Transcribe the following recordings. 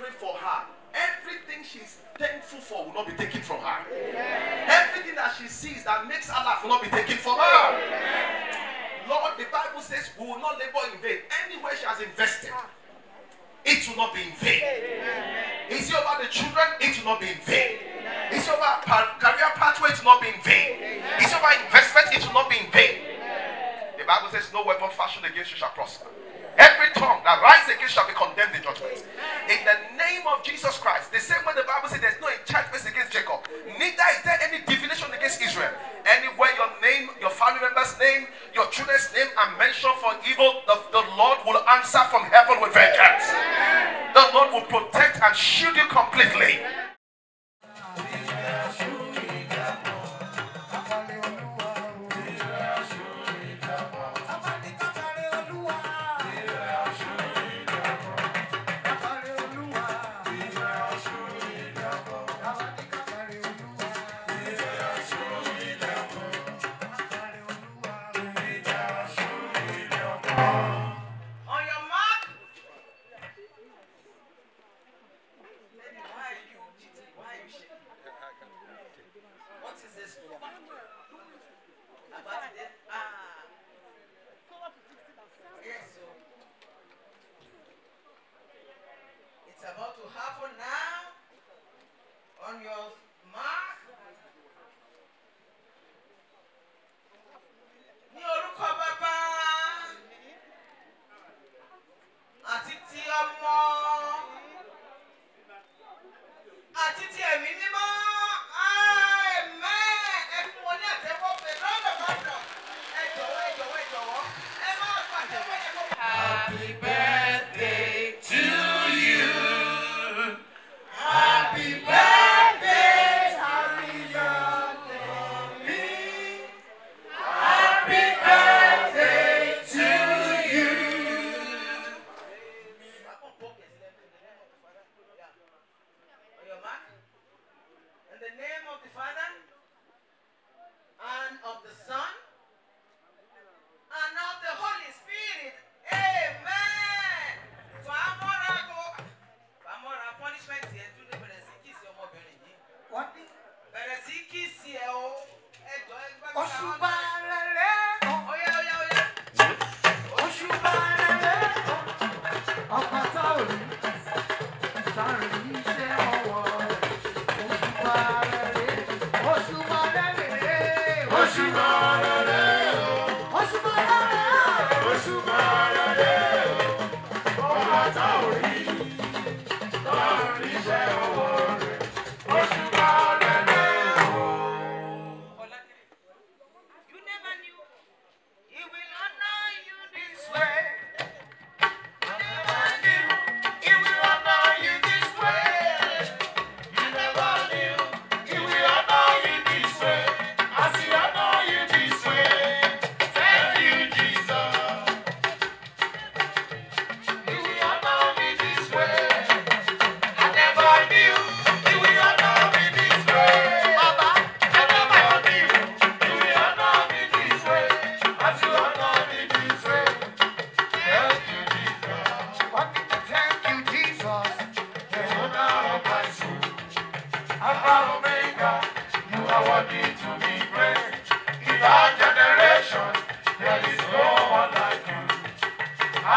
pray for her, everything she's thankful for will not be taken from her. Amen. Everything that she sees that makes her laugh will not be taken from her. Amen. Lord, the Bible says we will not labor in vain. Anywhere she has invested, ah. it will not be in vain. Amen. Is it over the children? It will not be in vain. Amen. Is it over career pathway? It will not be in vain. Amen. Is it over investment? It will not be in vain. The Bible says, No weapon fashioned against you shall prosper. Every tongue that rises against shall be condemned in judgment. In the name of Jesus Christ. The same way the Bible says there's no enchantment against Jacob, neither is there any divination against Israel. Anywhere your name, your family member's name, your children's name are mentioned for evil, the, the Lord will answer from heaven with vengeance. The Lord will protect and shield you completely. It's about to happen now. On your mark. Ní orúkọ bàbá àti ti ọmọ àti ti ẹ̀mí mímọ́.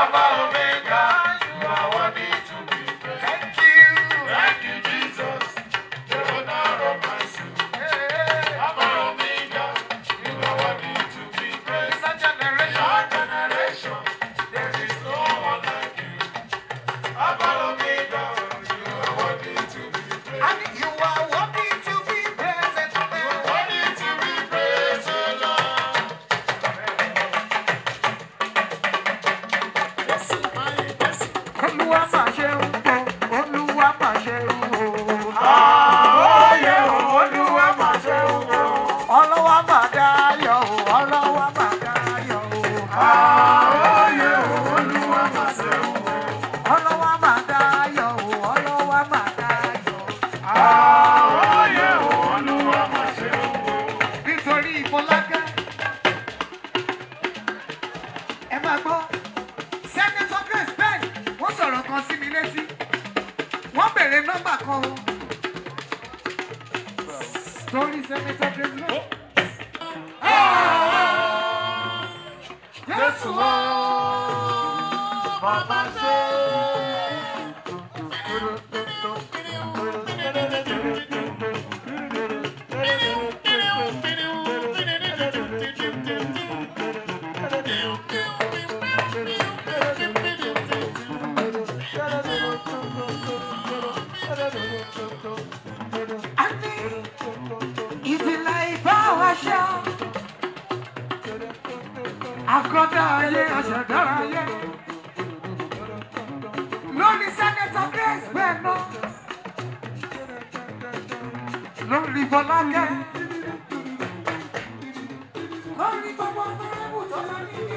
Avalo bem. máa gbọ́ sẹ́nẹ́tọ̀ Grace Ben wọ́n sọ̀rọ̀ kan sí mi létí wọ́n béèrè nọ́mbà kan o torí sẹ́nẹ́tọ̀ Grace Jésù o bàbá ṣe é. àkọ́dá ayé àṣẹ̀dá ayé lórí sẹ́nẹ́tọ̀ Grace Gbénó lórí Bọ́láńdé lórí gbogbo ọ̀nà ẹ̀bùn tó lọ níbi.